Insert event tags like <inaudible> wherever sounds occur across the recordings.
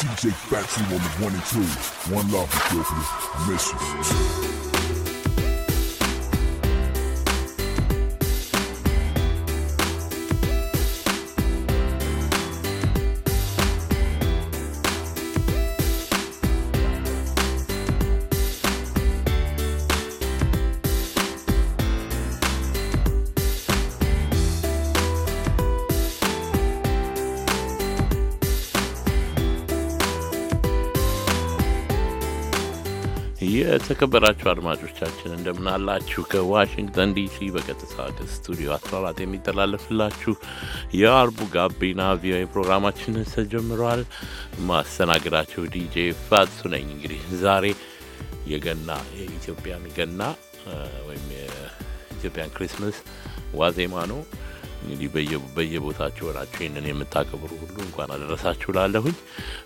DJ Factory on the one and two. One love, Ethiopia. I miss you. የተከበራችሁ አድማጮቻችን እንደምናላችሁ ከዋሽንግተን ዲሲ በቀጥታ ከስቱዲዮ 14 የሚተላለፍላችሁ የአርቡ ጋቢና ቪኦኤ ፕሮግራማችን ተጀምረዋል። ማስተናግዳችሁ ዲጄ ፋሱ ነኝ። እንግዲህ ዛሬ የገና የኢትዮጵያን ገና ወይም የኢትዮጵያን ክሪስመስ ዋዜማ ነው። እንግዲህ በየቦታችሁ ሆናችሁ ይንን የምታከብሩ ሁሉ እንኳን አደረሳችሁ ላለሁኝ።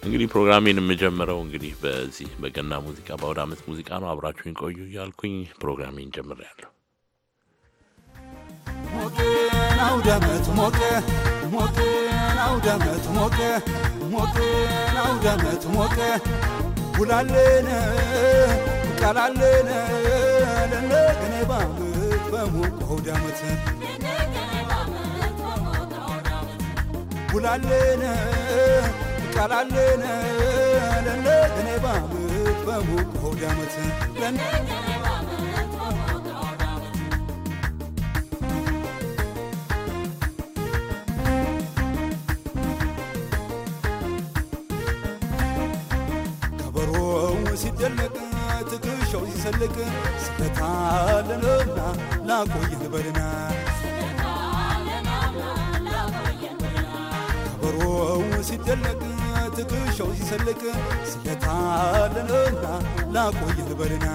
እንግዲህ ፕሮግራሜን የምጀምረው እንግዲህ በዚህ በገና ሙዚቃ በአውደ አመት ሙዚቃ ነው። አብራችሁኝ ቆዩ እያልኩኝ ፕሮግራሜን ጀምሬያለሁ። አውደመት ሞቀ ሞቅን አውደመት ሞቀ ሞቅን ሞቀ ባምት ቃላለን ቃላለን ለነ እኔ ባምት በሙቅ ሆድ ዓመት ከበሮው ሲደነቅ ሲሰልቅ ስለታለንና ላቆይህ በልና ይደነቅ ትከሻው ሲሰልቅ ስለታለለና ላቆይ ልበልና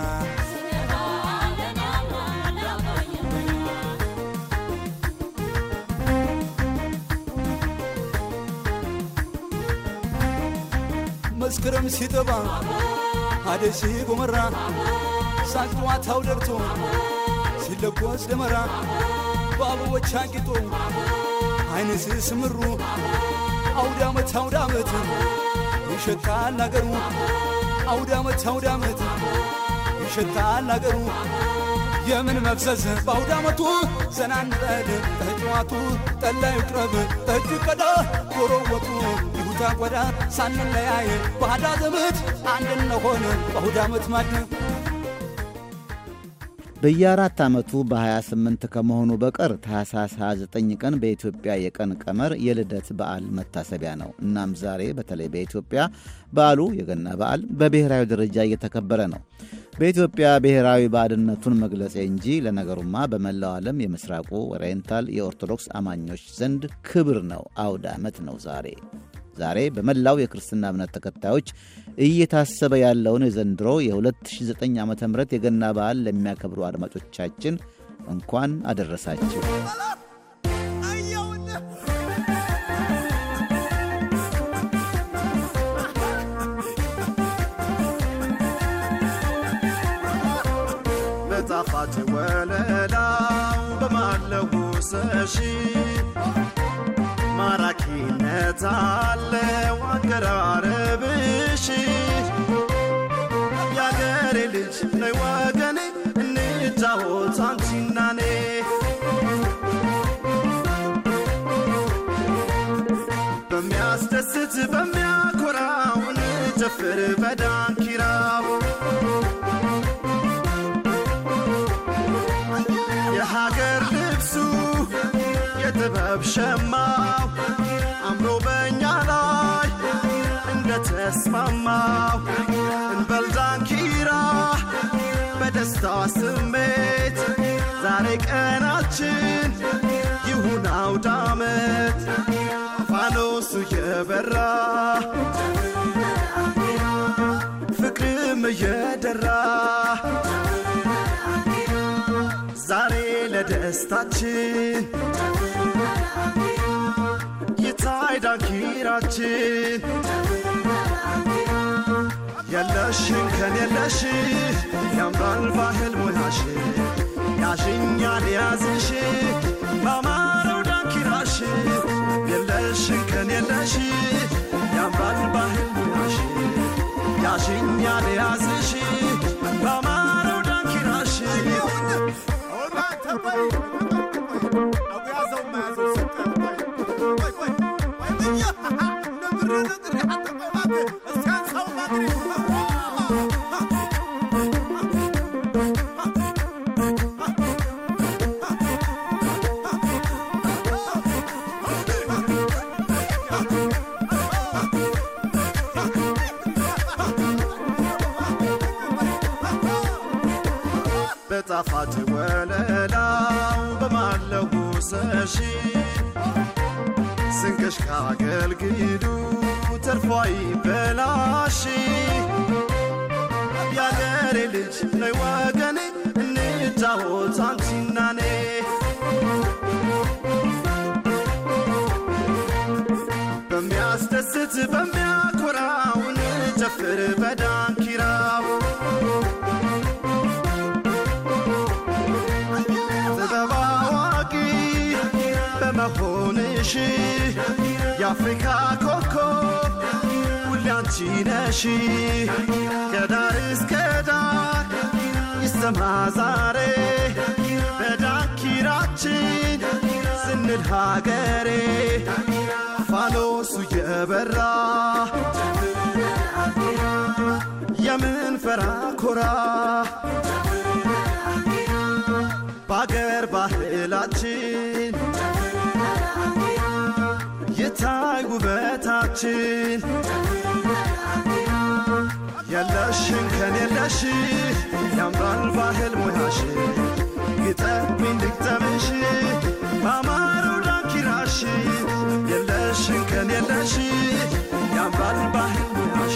መስከረም ሲጠባ አደሴ ጎመራ ሳቅጨዋታው ደርቶ ሲለጎስ ደመራ በአበቦች አጊጦ አይነ ስምሩ አውደ ዓመት ይሸታል አገሩ አውደ ዓመት ይሸታል አገሩ የምን መፍዘዝ በአውደ ዓመቱ ዘና ጠላ ይቅረብ ጠጁ ቀዳ ዶሮ ወጡ ይሁታ ቆዳ ሳንለያይ ባህዳ ዘመድ አንድ እንሆን በአውደ ዓመት በየአራት ዓመቱ በ28 ከመሆኑ በቀር ታህሳስ 29 ቀን በኢትዮጵያ የቀን ቀመር የልደት በዓል መታሰቢያ ነው። እናም ዛሬ በተለይ በኢትዮጵያ በዓሉ የገና በዓል በብሔራዊ ደረጃ እየተከበረ ነው። በኢትዮጵያ ብሔራዊ ባዕድነቱን መግለጽ እንጂ ለነገሩማ በመላው ዓለም የምስራቁ ኦሪየንታል የኦርቶዶክስ አማኞች ዘንድ ክብር ነው፣ አውድ ዓመት ነው ዛሬ። ዛሬ በመላው የክርስትና እምነት ተከታዮች እየታሰበ ያለውን የዘንድሮ የ2009 ዓ ም የገና በዓል ለሚያከብሩ አድማጮቻችን እንኳን አደረሳችሁ። ጣፋጭ ወለላው በማለጉ ሰሺ አለው አቀራረብሽ ያገሬ ልጅ ነይ ወገኔ እንጫወት አንቺና እኔ በሚያስደስት በሚያኮራው እንጨፍር በዳንኪራው የሀገር ልብሱ የጥበብ ሸማው ተስማማሁ እንበል ዳንኪራ በደስታ ስሜት ዛሬ ቀናችን ይሁን አውድ ፋኖሱ የበራ ፍቅርም እየደራ ዛሬ ለደስታችን ይታይ ዳንኪራችን የለሽ እንከን የለሽ ያምራል ባህል ሙያሽ ያሽኛል ያዝሽ በማረው ዳንኪራሽ የለሽ እንከን የለሽ ያምራል ባህል ሙያሽ ያሽኛል የያዝሽ በማረው ኪራብ ጥበብ አዋቂ የአፍሪካ ኮከብ ሁሌ አንቺ ነሽ። ከዳር እስከ ዳር ይሰማ ዛሬ በዳንኪራችን ስንል ሀገሬ ፋኖሱ የበራ የምንፈራ ኮራ በአገር ባህላችን የታይ ውበታችን የለሽን ከኔለሽ ያምራል ባህል ሙያሽ ግጠሚን ድግጠምሽ በአማረው ዳንኪራሽ የለሽን ያምራል ባህል ሙያሽ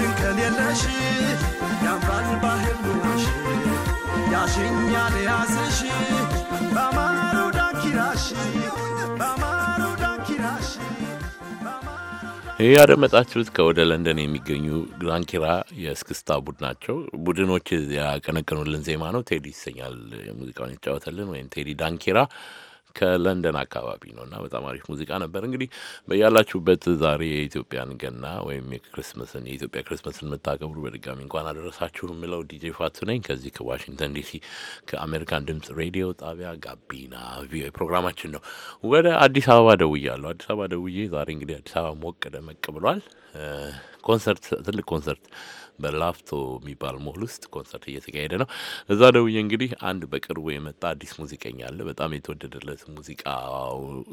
አንቺን ከሌለሽ ያምራል በማሩ ዳንኪራሽ በማሩ ዳንኪራሽ ያደመጣችሁት ከወደ ለንደን የሚገኙ ዳንኪራ የእስክስታ ናቸው። ቡድኖች ያቀነቀኑልን ዜማ ነው። ቴዲ ይሰኛል ሙዚቃውን የተጫወተልን ወይም ቴዲ ዳንኪራ ከለንደን አካባቢ ነው እና በጣም አሪፍ ሙዚቃ ነበር። እንግዲህ በያላችሁበት ዛሬ የኢትዮጵያን ገና ወይም የክርስመስን የኢትዮጵያ ክርስመስን የምታከብሩ በድጋሚ እንኳን አደረሳችሁ የምለው ዲጄ ፋቱ ነኝ ከዚህ ከዋሽንግተን ዲሲ ከአሜሪካን ድምፅ ሬዲዮ ጣቢያ ጋቢና ቪኦኤ ፕሮግራማችን ነው። ወደ አዲስ አበባ ደውያለሁ። አዲስ አበባ ደውዬ ዛሬ እንግዲህ አዲስ አበባ ሞቅ ደመቅ ብሏል። ኮንሰርት ትልቅ ኮንሰርት በላፍቶ የሚባል ሞል ውስጥ ኮንሰርት እየተካሄደ ነው። እዛ ደውዬ እንግዲህ አንድ በቅርቡ የመጣ አዲስ ሙዚቀኛ አለ። በጣም የተወደደለት ሙዚቃ፣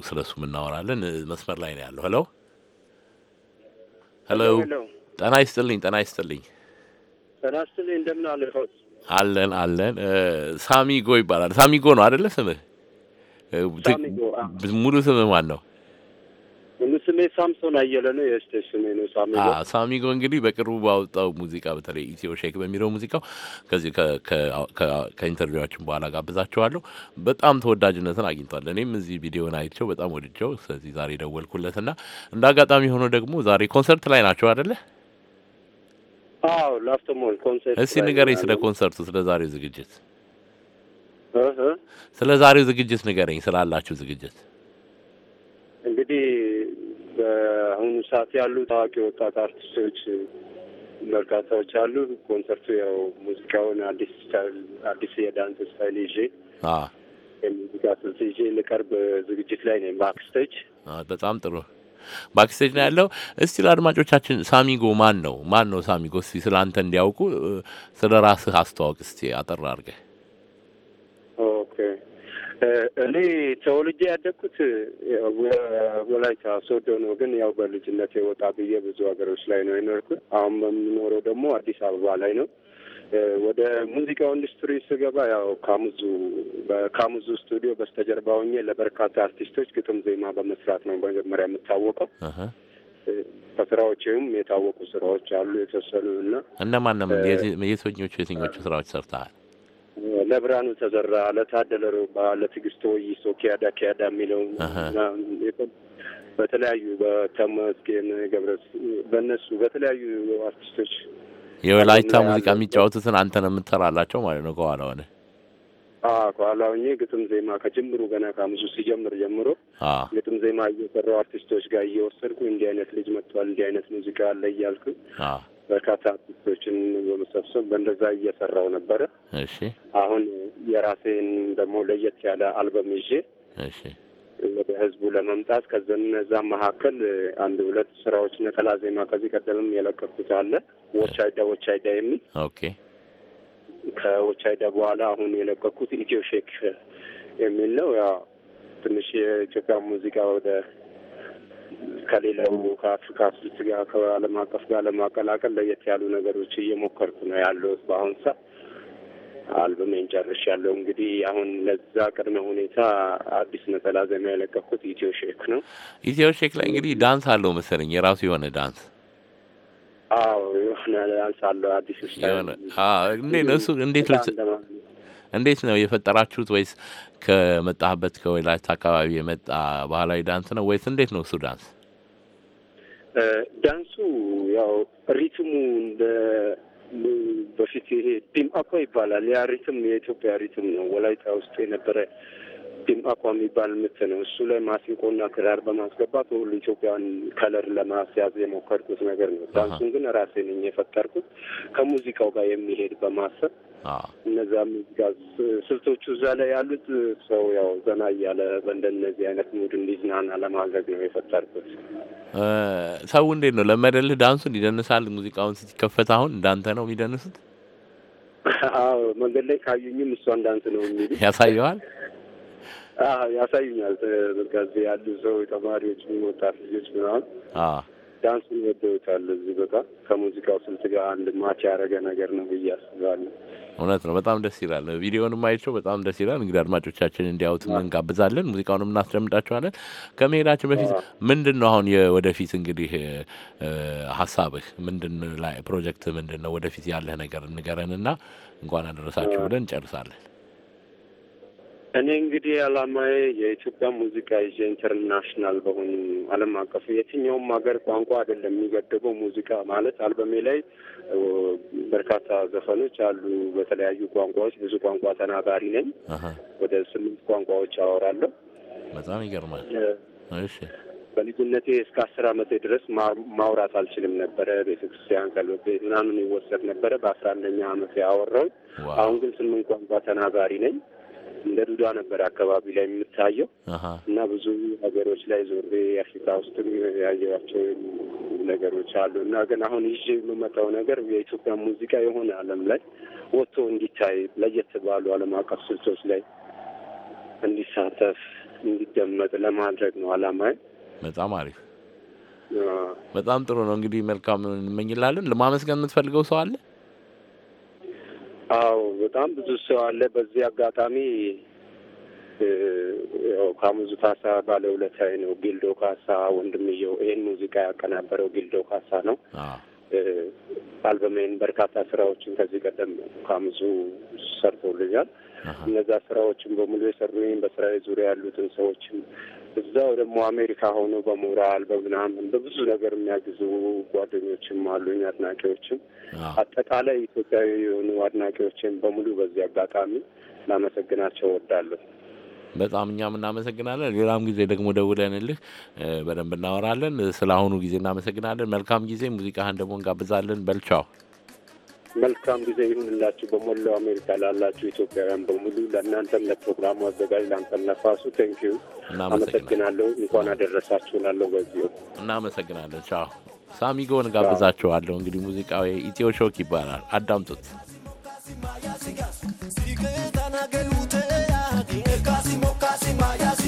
ስለሱ እናወራለን። መስመር ላይ ነው ያለው። ሄሎ ሄሎ። ጤና ይስጥልኝ። ጤና ይስጥልኝ። ጤና ይስጥልኝ። እንደምን አለ? አለን አለን። ሳሚጎ ይባላል። ሳሚጎ ነው አደለ ስምህ? ሙሉ ስምህ ማን ነው? ስሜ ሳምሶን አየለ ነው። የስቴ ስሜ ነው ሳሚጎ። ሳሚጎ እንግዲህ በቅርቡ ባወጣው ሙዚቃ በተለይ ኢትዮ ሼክ በሚለው ሙዚቃው ከዚህ ከኢንተርቪዋችን በኋላ ጋብዛቸዋለሁ። በጣም ተወዳጅነትን አግኝቷል። እኔም እዚህ ቪዲዮን አይቸው በጣም ወድጀው፣ ስለዚህ ዛሬ ደወልኩለት ደወልኩለትና እንደ አጋጣሚ ሆኖ ደግሞ ዛሬ ኮንሰርት ላይ ናቸው አደለ? አዎ ላፍቶ ሞል ኮንሰርት። እስቲ ንገረኝ ስለ ኮንሰርቱ፣ ስለ ዛሬው ዝግጅት፣ ስለ ዛሬው ዝግጅት ንገረኝ፣ ስላላችሁ ዝግጅት እንግዲህ በአሁኑ ሰዓት ያሉ ታዋቂ ወጣት አርቲስቶች በርካታዎች አሉ። ኮንሰርቱ ያው ሙዚቃውን አዲስ ስታይል አዲስ የዳንስ ስታይል ይዤ የሙዚቃ ስልት ይዤ ልቀርብ ዝግጅት ላይ ነኝ። ባክስቴጅ በጣም ጥሩ ባክስቴጅ ነው ያለው። እስቲ ለአድማጮቻችን ሳሚጎ ማን ነው? ማን ነው ሳሚጎ? እስቲ ስለ አንተ እንዲያውቁ ስለ ራስህ አስተዋውቅ እስቲ አጠር አድርገህ እኔ ተወልጄ ያደግኩት ወላይታ ሶዶ ነው። ግን ያው በልጅነት የወጣ ብዬ ብዙ ሀገሮች ላይ ነው የኖርኩት። አሁን በምኖረው ደግሞ አዲስ አበባ ላይ ነው። ወደ ሙዚቃው ኢንዱስትሪ ስገባ ያው ካሙዙ በካሙዙ ስቱዲዮ በስተጀርባ ሆኜ ለበርካታ አርቲስቶች ግጥም ዜማ በመስራት ነው መጀመሪያ የምታወቀው። ከስራዎችም የታወቁ ስራዎች አሉ የተወሰኑ እና እነማን ነው የትኞቹ የትኞቹ ስራዎች ሰርተሃል? ለብርሃኑ ተዘራ፣ ለታደለ ሮባ፣ ለትዕግስት ወይሶ ኪያዳ ኪያዳ የሚለው በተለያዩ በተመስገን ገብረ በእነሱ በተለያዩ አርቲስቶች የወላይታ ሙዚቃ የሚጫወቱትን አንተ ነው የምትጠራላቸው ማለት ነው። ከኋላ ሆነ ከኋላ ሆኜ ግጥም ዜማ ከጅምሩ ገና ከሙዙ ሲጀምር ጀምሮ ግጥም ዜማ እየሰራው አርቲስቶች ጋር እየወሰድኩ እንዲህ አይነት ልጅ መጥቷል፣ እንዲህ አይነት ሙዚቃ አለ እያልኩ በርካታ አርቲስቶችን በመሰብሰብ በእንደዛ እየሰራው ነበረ። እሺ አሁን የራሴን ደግሞ ለየት ያለ አልበም ይዤ እሺ ወደ ህዝቡ ለመምጣት ከዘነዛ መካከል አንድ ሁለት ስራዎች ነጠላ ዜማ ከዚህ ቀደምም የለቀኩት አለ ወቻይዳ ወቻይዳ የሚል ኦኬ ከወቻይዳ በኋላ አሁን የለቀኩት ኢትዮ ሼክ የሚል ነው። ያው ትንሽ የኢትዮጵያ ሙዚቃ ወደ ከሌላው ከአፍሪካ ስልት ጋር ከዓለም አቀፍ ጋር ለማቀላቀል ለየት ያሉ ነገሮች እየሞከርኩ ነው ያለሁት በአሁን ሰዓት። አልበሜን ጨርሻለሁ። እንግዲህ አሁን ለዛ ቅድመ ሁኔታ አዲስ ነጠላ ዘሚያ የለቀኩት ኢትዮ ሼክ ነው። ኢትዮ ሼክ ላይ እንግዲህ ዳንስ አለው መሰለኝ የራሱ የሆነ ዳንስ። አዎ የሆነ ዳንስ አለው አዲስ ስ እንዴት ነው እሱ እንዴት እንዴት ነው የፈጠራችሁት? ወይስ ከመጣህበት ከወላይታ አካባቢ የመጣ ባህላዊ ዳንስ ነው ወይስ እንዴት ነው እሱ ዳንስ? ዳንሱ ያው ሪትሙ እንደ በፊት ይሄ ዲም አኳ ይባላል። ያ ሪትም የኢትዮጵያ ሪትም ነው። ወላይታ ውስጥ የነበረ ድምፅ አቋም የሚባል ምት ነው። እሱ ላይ ማሲንቆና ክራር በማስገባት በሁሉ ኢትዮጵያን ከለር ለማስያዝ የሞከርኩት ነገር ነው። ዳንሱን ግን ራሴ ነኝ የፈጠርኩት ከሙዚቃው ጋር የሚሄድ በማሰብ እነዛ ሙዚቃ ስልቶቹ እዛ ላይ ያሉት ሰው ያው ዘና እያለ በእንደነዚህ አይነት ሙድ እንዲዝናና ለማድረግ ነው የፈጠርኩት። ሰው እንዴት ነው ለመደልህ? ዳንሱን ይደንሳል። ሙዚቃውን ስትከፈት አሁን እንዳንተ ነው የሚደንሱት? አዎ መንገድ ላይ ካዩኝም እሷ እንዳንስ ነው የሚሉ ያሳየዋል ያሳዩኛል። በቃ ያሉ ሰው ተማሪዎች፣ ወጣት ልጆች ምናምን ዳንስ ይወደውታል። እዚህ በቃ ከሙዚቃው ስልት ጋር አንድ ማች ያደረገ ነገር ነው ብዬ አስባለሁ። እውነት ነው። በጣም ደስ ይላል። ቪዲዮንም አይቸው በጣም ደስ ይላል። እንግዲህ አድማጮቻችን እንዲያዩት እንጋብዛለን፣ ሙዚቃውንም እናስደምጣቸዋለን። ከመሄዳችን በፊት ምንድን ነው አሁን ወደፊት እንግዲህ ሀሳብህ ምንድን ላይ ፕሮጀክት ምንድን ነው ወደፊት ያለህ ነገር ንገረንና እንኳን አደረሳችሁ ብለን እንጨርሳለን። እኔ እንግዲህ አላማዬ የኢትዮጵያ ሙዚቃ ይዤ ኢንተርናሽናል በሆኑ ዓለም አቀፍ የትኛውም ሀገር ቋንቋ አይደለም የሚገደበው ሙዚቃ ማለት አልበሜ ላይ በርካታ ዘፈኖች አሉ በተለያዩ ቋንቋዎች። ብዙ ቋንቋ ተናጋሪ ነኝ። ወደ ስምንት ቋንቋዎች አወራለሁ። በጣም ይገርማል። እሺ በልጅነቴ እስከ አስር ዓመቴ ድረስ ማውራት አልችልም ነበረ። ቤተክርስቲያን ቀልቤ ምናምን ይወሰድ ነበረ። በአስራ አንደኛ ዓመቴ አወራው። አሁን ግን ስምንት ቋንቋ ተናጋሪ ነኝ። እንደ ዱዳ ነበር አካባቢ ላይ የምታየው እና ብዙ ሀገሮች ላይ ዞሬ አፍሪካ ውስጥም ያየኋቸው ነገሮች አሉ እና ግን አሁን ይዤ የምመጣው ነገር የኢትዮጵያ ሙዚቃ የሆነ ዓለም ላይ ወጥቶ እንዲታይ ለየት ባሉ ዓለም አቀፍ ስልቶች ላይ እንዲሳተፍ እንዲደመጥ ለማድረግ ነው አላማዬ። በጣም አሪፍ፣ በጣም ጥሩ ነው። እንግዲህ መልካም እንመኝላለን። ለማመስገን የምትፈልገው ሰው አለ? አዎ በጣም ብዙ ሰው አለ። በዚህ አጋጣሚ ያው ካሙዙ ካሳ ባለውለታዬ ነው። ጊልዶ ካሳ ወንድምየው ይህን ሙዚቃ ያቀናበረው ጊልዶ ካሳ ነው። አልበሜን በርካታ ስራዎችን ከዚህ ቀደም ካምጹ ሰርቶልኛል። እነዛ ስራዎችን በሙሉ የሰሩኝ በስራዬ ዙሪያ ያሉትን ሰዎችን እዛው ደግሞ አሜሪካ ሆኖ በሞራል በምናምን በብዙ ነገር የሚያግዙ ጓደኞችም አሉኝ፣ አድናቂዎችም አጠቃላይ ኢትዮጵያዊ የሆኑ አድናቂዎችን በሙሉ በዚህ አጋጣሚ ላመሰግናቸው ወዳለሁ። በጣም እኛም እናመሰግናለን። ሌላም ጊዜ ደግሞ ደውለንልህ በደንብ እናወራለን። ስለ አሁኑ ጊዜ እናመሰግናለን። መልካም ጊዜ። ሙዚቃህን ደግሞ እንጋብዛለን። በልቻው መልካም ጊዜ ይሁንላችሁ። በሞላው አሜሪካ ላላችሁ ኢትዮጵያውያን በሙሉ ለእናንተም ለፕሮግራሙ አዘጋጅ ለአንተም ነፋሱ ቴንኪዩ አመሰግናለሁ። እንኳን አደረሳችሁ ላለሁ በዚሁ እናመሰግናለን። ቻው። ሳሚጎን ጋብዛችኋለሁ። እንግዲህ ሙዚቃው ኢትዮ ሾክ ይባላል። አዳምጡት።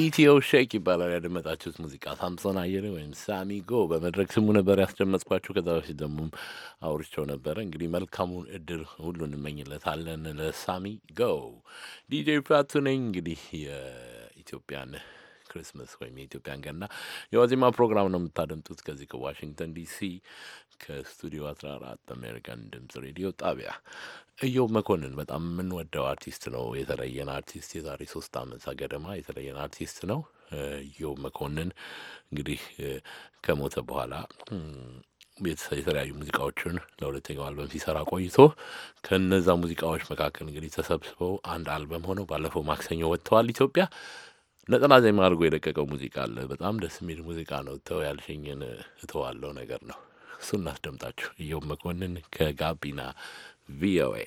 ኢትዮ ሼክ ይባላል ያደመጣችሁት ሙዚቃ ሳምሶን አየር ወይም ሳሚ ጎ በመድረክ ስሙ ነበር ያስደመጥኳችሁ። ከዛ በፊት ደግሞ አውርቸው ነበረ። እንግዲህ መልካሙን እድል ሁሉ እንመኝለታለን ለሳሚ ጎ። ዲጄ ፋቱ ነኝ። እንግዲህ የኢትዮጵያን ክርስመስ ወይም የኢትዮጵያን ገና የዋዜማ ፕሮግራም ነው የምታደምጡት። ከዚህ ከዋሽንግተን ዲሲ ከስቱዲዮ 14 አሜሪካን ድምጽ ሬዲዮ ጣቢያ እዮብ መኮንን በጣም የምንወደው አርቲስት ነው። የተለየን አርቲስት የዛሬ ሶስት ዓመት ገደማ የተለየን አርቲስት ነው። ኢዮብ መኮንን እንግዲህ ከሞተ በኋላ የተለያዩ ሙዚቃዎችን ለሁለተኛው አልበም ሲሰራ ቆይቶ ከነዛ ሙዚቃዎች መካከል እንግዲህ ተሰብስበው አንድ አልበም ሆነው ባለፈው ማክሰኞ ወጥተዋል ኢትዮጵያ ነጠላ ዜማ አድርጎ የለቀቀው ሙዚቃ አለ። በጣም ደስ የሚል ሙዚቃ ነው። ተው ያልሽኝን እተዋለው ነገር ነው። እሱ እናስደምጣችሁ። እየው መኮንን ከጋቢና ቪኦኤ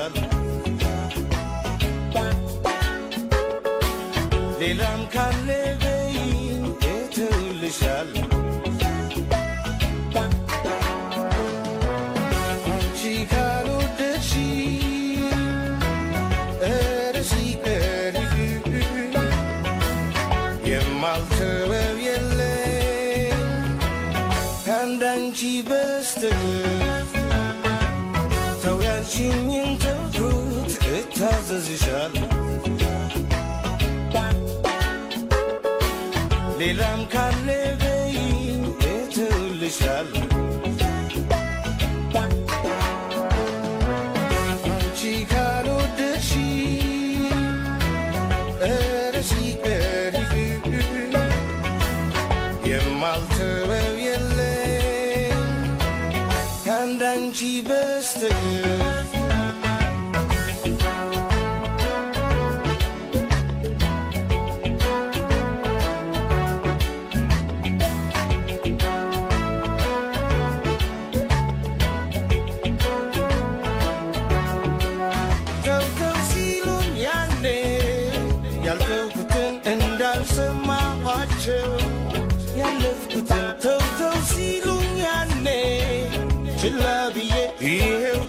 kadar Lilam kallebeyin etülüşel Çıkalı deçin Pandanci beste Tau yang tells us you shall. Lilam ያልፈው ፍቅር እንዳልሰማኋቸው ያለፍኩትን ተውተው ሲሉኝ ያኔ ችላ ብዬ ይሄው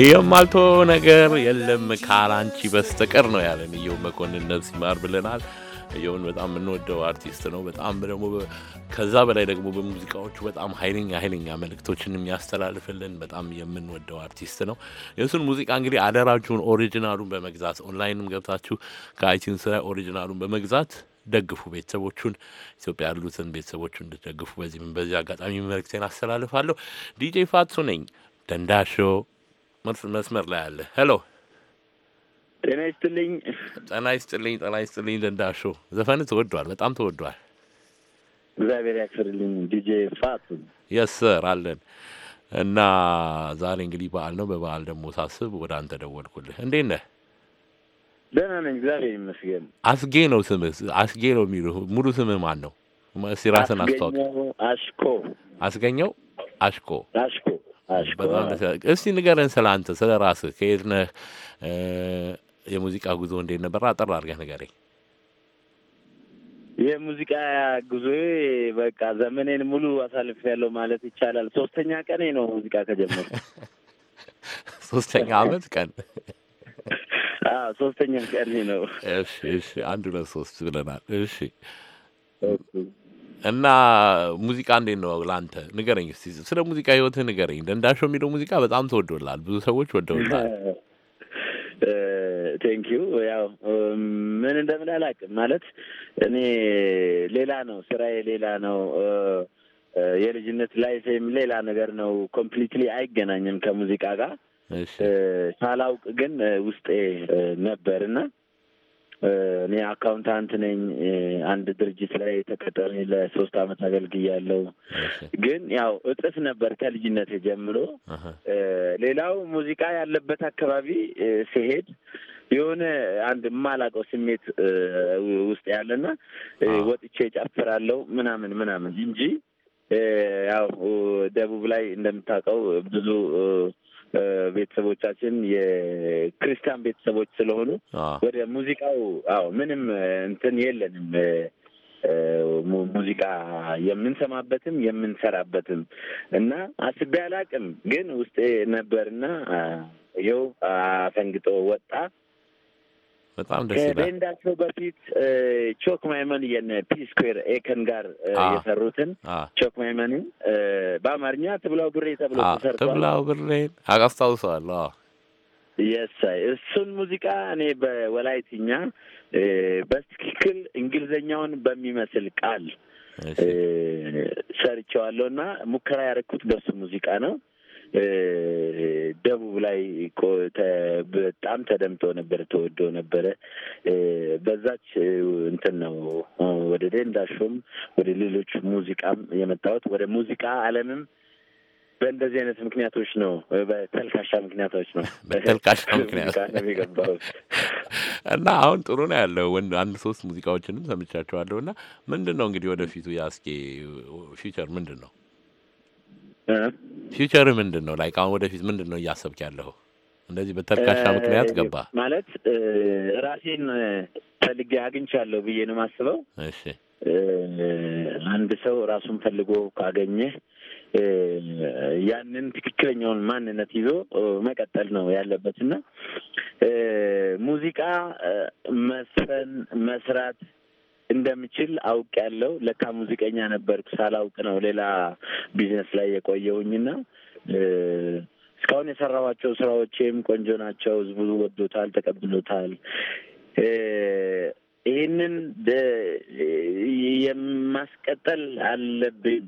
የማልቶ ነገር የለም ካላንቺ በስተቀር ነው ያለን እየው መኮንን ነፍሲ ብለናል። እየውን በጣም የምንወደው አርቲስት ነው። በጣም ደግሞ ከዛ በላይ ደግሞ በሙዚቃዎቹ በጣም ኃይለኛ ኃይለኛ መልእክቶችን የሚያስተላልፍልን በጣም የምንወደው አርቲስት ነው። የእሱን ሙዚቃ እንግዲህ አደራችሁን ኦሪጂናሉን በመግዛት ኦንላይንም ገብታችሁ ከአይቲንስ ላይ ኦሪጂናሉን በመግዛት ደግፉ። ቤተሰቦቹን ኢትዮጵያ ያሉትን ቤተሰቦቹ እንድትደግፉ በዚህም በዚህ አጋጣሚ መልእክቴን አስተላልፋለሁ። ዲጄ ፋቱ ነኝ ደንዳሾ መስመር ላይ አለ። ሄሎ ጤና ይስጥልኝ። ጤና ይስጥልኝ። ጤና ይስጥልኝ። ደንዳሾ ዘፈን ተወዷል፣ በጣም ተወዷል። እግዚአብሔር ያክፍርልኝ። ዲጄ ፋቱ የስር አለን እና ዛሬ እንግዲህ በዓል ነው። በበዓል ደግሞ ሳስብ ወደ አንተ ደወልኩልህ። እንዴት ነህ? ደህና ነኝ እግዚአብሔር ይመስገን። አስጌ ነው ስምህ፣ አስጌ ነው የሚሉህ። ሙሉ ስምህ ማን ነው? እስኪ ራስን አስተዋውቅ። አሽኮ አስገኘው። አሽኮ አሽኮ እስቲ ንገረን ስለ አንተ ስለ ራስህ ከየት ነህ? የሙዚቃ ጉዞ እንዴት ነበር? አጠር አድርገህ ንገረኝ። የሙዚቃ ጉዞዬ በቃ ዘመኔን ሙሉ አሳልፍ ያለው ማለት ይቻላል። ሶስተኛ ቀኔ ነው ሙዚቃ ከጀመር <laughs> ሶስተኛ አመት ቀን <laughs> ሶስተኛ ቀኔ ነው። እሺ እሺ፣ አንድ ሁለት ሶስት ብለናል። እሺ እና ሙዚቃ እንዴት ነው ለአንተ? ንገረኝ እስኪ ስለ ሙዚቃ ህይወት ንገረኝ። ደንዳሾ የሚለው ሙዚቃ በጣም ተወዶላል፣ ብዙ ሰዎች ወደውላል። ዩ። <laughs> ያው ምን እንደምን አላውቅም። ማለት እኔ ሌላ ነው ስራዬ፣ ሌላ ነው የልጅነት ላይፌም ሌላ ነገር ነው። ኮምፕሊትሊ አይገናኝም ከሙዚቃ ጋር ሳላውቅ ግን ውስጤ ነበር እና እኔ አካውንታንት ነኝ። አንድ ድርጅት ላይ ተቀጠሬ ለሶስት አመት አገልግያለሁ። ግን ያው እጥፍ ነበር ከልጅነት ጀምሮ። ሌላው ሙዚቃ ያለበት አካባቢ ሲሄድ የሆነ አንድ የማላውቀው ስሜት ውስጥ ያለና ወጥቼ ጨፍራለሁ ምናምን ምናምን እንጂ ያው ደቡብ ላይ እንደምታውቀው ብዙ ቤተሰቦቻችን የክርስቲያን ቤተሰቦች ስለሆኑ ወደ ሙዚቃው አዎ ምንም እንትን የለንም። ሙዚቃ የምንሰማበትም የምንሰራበትም እና አስቤ አላቅም፣ ግን ውስጤ ነበርና ይኸው አፈንግጦ ወጣ። በጣም ደስ ይላል። ከሌንዳቸው በፊት ቾክ ማይመን የነ ፒ ስኩዌር ኤከን ጋር የሰሩትን ቾክ ማይመንን በአማርኛ ትብላው ብሬ ተብሎ ተሰርቷል። ትብላው ብሬ አስታውሰዋለሁ። የሳይ እሱን ሙዚቃ እኔ በወላይትኛ በትክክል እንግሊዝኛውን በሚመስል ቃል ሰርቸዋለሁ እና ሙከራ ያደረኩት በሱ ሙዚቃ ነው። ደቡብ ላይ በጣም ተደምጦ ነበር፣ ተወዶ ነበረ። በዛች እንትን ነው ወደ ደንዳሾም ወደ ሌሎች ሙዚቃም የመጣሁት ወደ ሙዚቃ አለምም በእንደዚህ አይነት ምክንያቶች ነው። በተልካሻ ምክንያቶች ነው። <laughs> በተልካሻ <laughs> ምክንያት <laughs> እና አሁን ጥሩ ነው ያለው። አንድ ሶስት ሙዚቃዎችንም ሰምቻቸዋለሁ። እና ምንድን ነው እንግዲህ ወደፊቱ የአስኬ ፊውቸር ምንድን ነው? ፊውቸር ምንድን ነው? ላይክ አሁን ወደፊት ምንድን ነው እያሰብክ ያለሁ? እንደዚህ በተልካሻ ምክንያት ገባ ማለት ራሴን ፈልጌ አግኝቻለሁ ብዬ ነው የማስበው። እሺ አንድ ሰው ራሱን ፈልጎ ካገኘ ያንን ትክክለኛውን ማንነት ይዞ መቀጠል ነው ያለበት እና ሙዚቃ መስፈን፣ መስራት እንደምችል አውቅ ያለው ለካ ሙዚቀኛ ነበርኩ ሳላውቅ ነው ሌላ ቢዝነስ ላይ የቆየውኝና እስካሁን የሰራኋቸው ስራዎቼም ቆንጆ ናቸው። ህዝቡ ወዶታል፣ ተቀብሎታል። ይህንን የማስቀጠል አለብኝ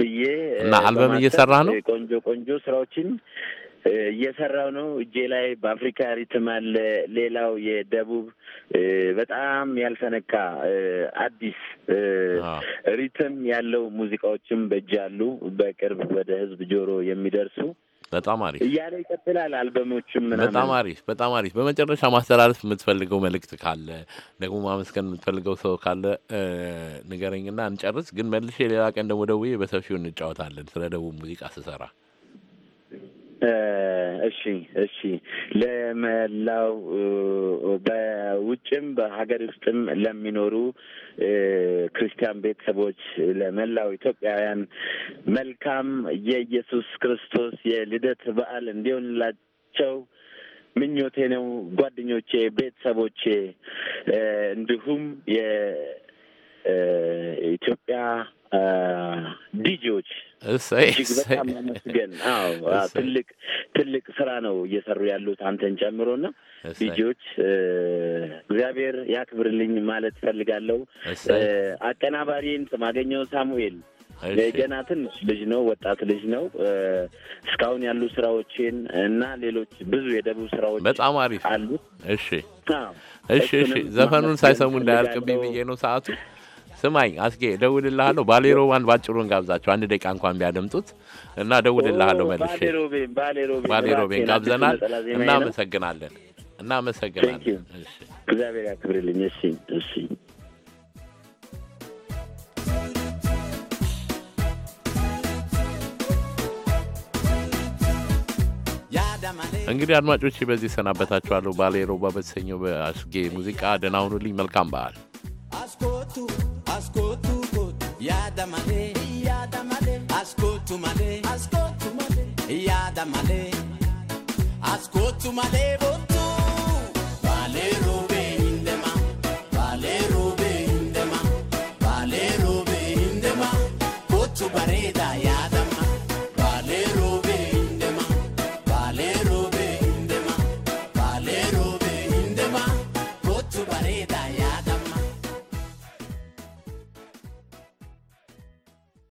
ብዬ እና አልበም እየሰራ ነው። ቆንጆ ቆንጆ ስራዎችን እየሰራው ነው። እጄ ላይ በአፍሪካ ሪትም አለ። ሌላው የደቡብ በጣም ያልተነካ አዲስ ሪትም ያለው ሙዚቃዎችም በእጅ አሉ፣ በቅርብ ወደ ህዝብ ጆሮ የሚደርሱ በጣም አሪፍ እያለ ይቀጥላል። አልበሞችም ምናምን በጣም አሪፍ በጣም አሪፍ። በመጨረሻ ማስተላለፍ የምትፈልገው መልእክት ካለ ደግሞ ማመስገን የምትፈልገው ሰው ካለ ንገረኝና እንጨርስ። ግን መልሼ ሌላ ቀን ደግሞ ደውዬ በሰፊው እንጫወታለን ስለ ደቡብ ሙዚቃ ስሰራ እሺ እሺ። ለመላው በውጭም በሀገር ውስጥም ለሚኖሩ ክርስቲያን ቤተሰቦች ለመላው ኢትዮጵያውያን መልካም የኢየሱስ ክርስቶስ የልደት በዓል እንዲሆንላቸው ምኞቴ ነው። ጓደኞቼ፣ ቤተሰቦቼ እንዲሁም የኢትዮጵያ ዲጂዎች እጅግ በጣም መመስገን ትልቅ ትልቅ ስራ ነው እየሰሩ ያሉት አንተን ጨምሮና ዲጂዎች እግዚአብሔር ያክብርልኝ ማለት ፈልጋለሁ። አቀናባሪን ማገኘው ሳሙኤል ገና ትንሽ ልጅ ነው፣ ወጣት ልጅ ነው። እስካሁን ያሉ ስራዎችን እና ሌሎች ብዙ የደቡብ ስራዎች በጣም አሪፍ አሉ። እሺ፣ እሺ፣ እሺ። ዘፈኑን ሳይሰሙ እንዳያልቅብኝ ብዬ ነው ሰዓቱ ስማኝ አስጌ እደውልልሃለሁ። ባሌሮባን ባጭሩ እንጋብዛቸው አንድ ደቂቃ እንኳን ቢያደምጡት እና እደውልልሃለሁ መልሼ። ባሌሮቤን ጋብዘናል። እናመሰግናለን፣ እናመሰግናለን። እግዚአብሔር ያክብርልኝ። እሺ፣ እሺ። እንግዲህ አድማጮች በዚህ ሰናበታችኋለሁ። ባሌ ሮባ በተሰኘው በአስጌ ሙዚቃ ደህና ሁኑልኝ። መልካም በዓል። Yada male, yada male, ascoltu male, ascoltu